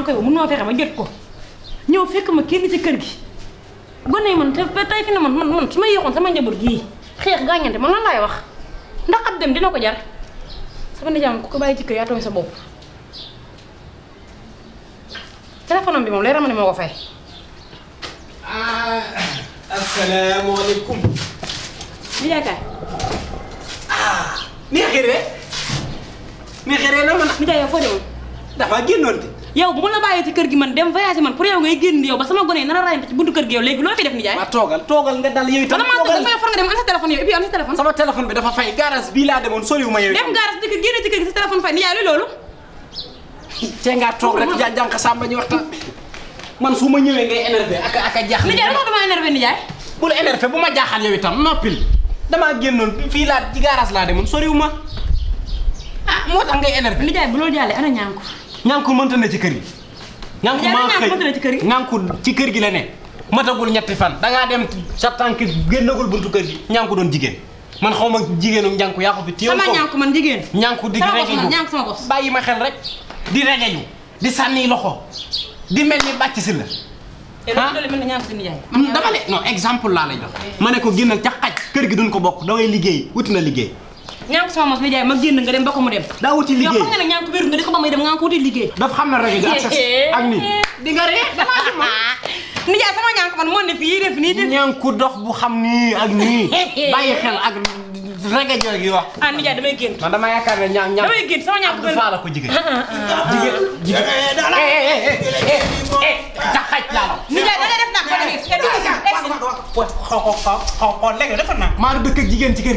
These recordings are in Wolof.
ñoo koy mun ko ñëw fekk ma kenn ci kër gi gone yi ma yéexoon sama njaboot gii xeex gaañante man lan laay wax dina ko jar sama ci kër yaa bi moom leer ma ne moo ko fay. ah asalaamaaleykum. Ndiaye Ka. ah. neexiree. neexiree la man. foo demoon. dafa génnoon de. yow bu ma la bàyyee ci kër gi man dem voyagé man pour yow ngay génn yow ba sama gone yi nar a rayante ci buntu kër gi yow léegi loo fi def ni jaay waaw toogal toogal nga dal yow itam toogal dafa for nga dem am sa téléphone yow et puis am sa téléphone sama téléphone bi dafa fay garage bii laa demoon soriwuma yow dem garage dëkk génn ci kër gi sa téléphone fay ni yaay loolu te ngaa toog rek jaa jànq sàmba ñu waxtaan man su ma ñëwee ngay énervé ak ak a jaaxle ni jaay dama dama énervé ni jaay bu la énervé bu ma jaaxal yow itam noppil damaa génnoon fii laa ci garage laa demoon soriwuma ah moo tax ngay énervé ni jaay bu loolu jàllee ana ñaan ko ñànku mënta na ci kër gi. ñànku maa ci kër gi. ñànku ci kër gi la ne matagul ñetti fan dangaa dem sa tànk génnagul buntu kër gi ñànku doon jigéen man xaw ma jigéenu ñànku yaa ko fi. téewul ko sama ñànku man jigéen. ñànku di regeju bàyyi ma xel rek di regeju di sànni loxo di mel ni bàcc si la. Eh, ah mm, dama ne non exemple laa lay jox ma ne ko génnal ca xaj kër gi duñ ko bokk da liggéey wuti na liggéey ñànk sama mos mi jaay ma génn nga dem ba ko mu dem daa wuti liggéey yow xam nga ne ñànk dem nga ko wuti liggéey daf xam na rek ak sas ak ni di nga ree ni jaay sama ñànk man moo ne fii def nii def ñànku dox bu xam nii ak nii bàyyi xel ak rega jog yi wax ah ni jaay damay génn man la ko jigéen jigéen jigéen taxaj la ni jaay nga def nak dëkk jigéen ci kër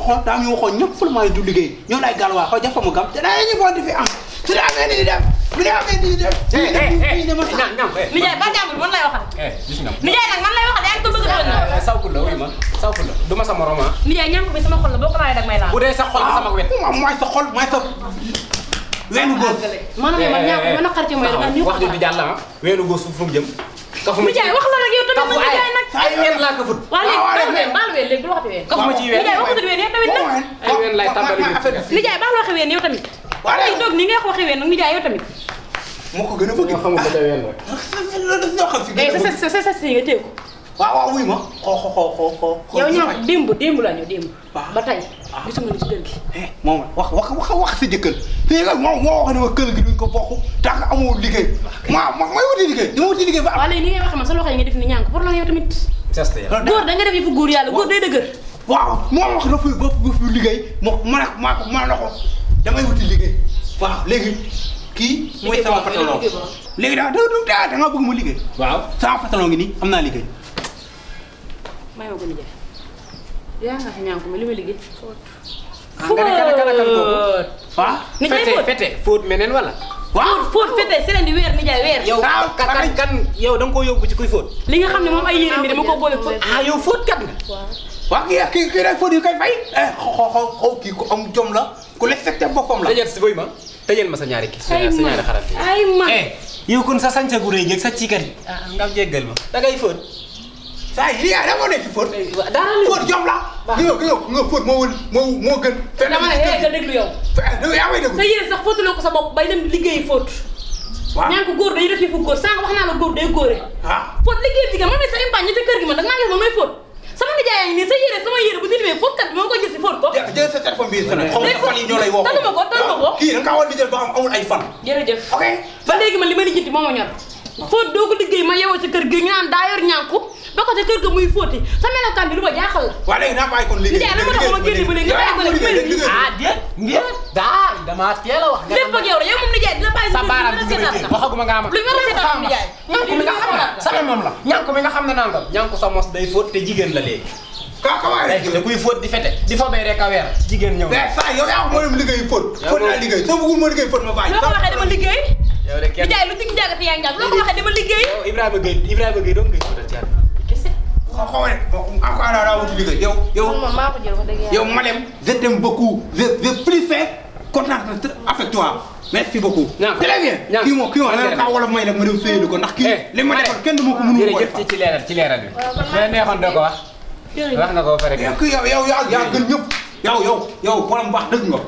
xool daa ñu waxoon ñëpp fulmaay du liggéey ñoo lay gàlluwaay xoo jafe mu gam te daa ñu bon di fi am su dee amee di def bu dee amee di def. Eh, eh eh eh naam naam. Eh. Nijaay ba jàmbur man lay waxal. eh gis nga Nijaay nag man lay waxal yaa ngi ko bëgg a doon. Eh, saw la wuy ma saw la du ma sama roman. Ah. Nijaay ñànk bi sama xol la boo ko laajee dag may laal. bu dee sa xol sama wet. Ah, mooy sa xol mooy sa. weenu góor maanaam man ñaar ma naqar ci mooy ñu wax di jàll ah weenu góor fu mu jëm kafu ma ci wax la rek yow tamit ma Nijaay nag ay weer laa kafut waaw léegi baal weer léegi du waxati weer kafu ma ci weer xeween nag ay ween lay tàmbali nijaay baax loo xeween yow tamit waaye toog wax xeween moo ko gën a bëgg ah, xam eh, nga day ween rek ko waaw waaw wuy ma xoo xoo xoo xoo yow ñoom la ñu démb ba tey ah. gisuma ni ci kër gi eh, moom wax wax wax wax sa jëkkër te yëgal moom moo wax ne kër gi duñ ko bokk tax amoo liggéey ma ma may wuti liggéey dama wuti liggéey ni ngay wax ma sa loxo yi nga def ni ñànk pour la yow tamit góor da nga def yi fu góor yàlla góor day dëgër waaw moo wax dafa ba liggéey moo ma maa ko maa na ko damay wuti liggéey waaw léegi kii mooy sama pantalon léegi da da da nga ma liggéey waaw sama pantalon ngi am naa liggéey may ma ko liggéey yaa nga li ma liggéey fóot ah, nga ne kan kan fete fóot wala waaw fóot fete si leen di weer ni jaay weer yow kan yow da nga koo yóbbu ci kuy fóot li nga xam ne moom ay yére mi dama ko boole fóot ah yow fóot kat waaw kii kii kii rek fóot yi koy fay eh, xaw xaw kii ku am jom la ku respecté boppam la. tëjal si booy ma tëjal ma sa ñaari kii. sa ñaari xarab yi ay eh, kon sa sañse gu rëy sa ci kër ah nga jéggal ma da ngay fóot. saa yi lii da nga nekk fóot. Eh, dara li fóot jom la. waaw yow yow nga fóot moo wën moo moo gën. te dama ne yaa ngi déglu yow. yaa may déglu sa yére sax ko sa bopp bay dem liggéeyi fóot. waaw ñaan ko góor day def yëfu góor sànq wax naa la góor day góore. ah fóot liggéey liggéey ma may sa impagne ñu te kër gi man da nga gis ma may fóot ma jaayee nii sa yére sama yére bu tilimee fóotkat bi moo ko jël si fóot ko. jël sa téléphone bi sonné xaw ma fan yi ñoo lay woo. taluma ko taluma kii da nga kaa war di jël ba xam amul ay fan. jërëjëf ok ba léegi man li ma lijjanti moo ma ñor fóot doo liggéey ma yeewoo ci kër gi ñu naan daa yor ba ko ci kër ga muy fóoti sa melokaan bi lu ma jaaxal la. waaw léegi naa bàyyi kon liggéey liggéey bi liggéey bi liggéey bi liggéey bi liggéey bi liggéey bi liggéey bi liggéey bi liggéey bi liggéey bi liggéey bi liggéey nijaay dina bàyyi sa baaraam bi nga jël waxaguma nga am lu wér ci tam nijaay ñanku mi nga xam ne sama moom la ñanku mi nga xam ne nangam ñanku sa mos day fóot te jigéen la léegi ka ka waay da kuy fóot di fete di fa bay rek a weer jigéen ñëw mais sa yow yaa mën a liggéey fóot fóot naa liggéey soo bëggul ma liggéey fóot ma bàyyi loo ko waxee dama liggéey yow rek kenn nijaay lu ci njàng fi yaa njàng loo ko waxee dama liggéey yow Ibrahima Gueye Ibrahima Gueye doo ngay fóotal ci waaw xaw ma encore daal daa wuti liggéey yow yow yow Malem je t'aime beaucoup je je plus fait kontaan na avec toi merci beaucoup. très bien kii moom kii moom da nga wolof may nag ma dem suyee ko ndax kii. Eh. li ma defal kenn du ma ko mënu ko def ci leeral ci leeral bi. mais neexoon doo ko wax. wax nga ko ba pare. Eh, yow yow yaa gën ñëpp dëgg nga.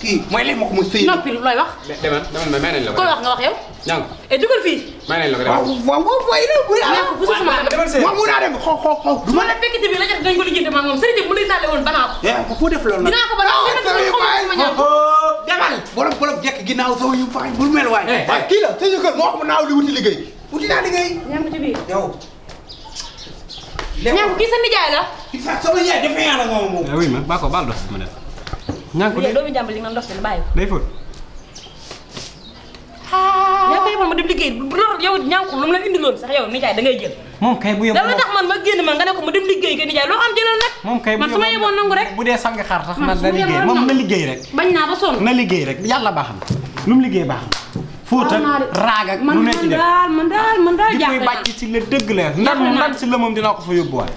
kii mooy léegi ma ko mu sëy. noppi looy wax. demal demal mais may nañ la ko. wax nga wax yow. ñaan ko eh, dugal fii. may nañ la ko demal waaw waaw waaye nag. ñàkk bu sama ma mun naa dem xoo xoo xoo. du ma la fekk tamit la jot dañ ko lijjanti maa moom sëriñ bi mu lay naale woon banaa ko. foo eh, def loolu nag dinaa ko ba naaw dina ko ma ñaan ko. Oh, oh. demal borom borom jekk ginnaaw soo yu fay bul mel waaye. Eh, waaye kii la sëñ kër moo xam naaw di wuti liggéey wuti naa liggéey. ñàkk ci biir yow. ñàkk kii sa nijaay la. kii sa sama nijaay dafa yàlla moom moom. oui ma baa ko baal dox ma def ñàkk de doomu jàmbur li nga ndox seen bàyyi ko. day fóot. yaa ngi koy ma dem liggéey loolu yow la da ngay jël. moom kay bu yóbbu ma génn ma nga ne ko ma dem liggéey kay nijaay loo am bu nangu rek. bu dee sang xar sax man na liggéey moom na liggéey rek. bañ naa ba sonn na liggéey rek yàlla baax na lu mu liggéey baax na. fóotal raag ak lu ne ci def man daal man daal jàpp koy bàcc ci la dëgg la moom dinaa ko fa yóbbuwaat.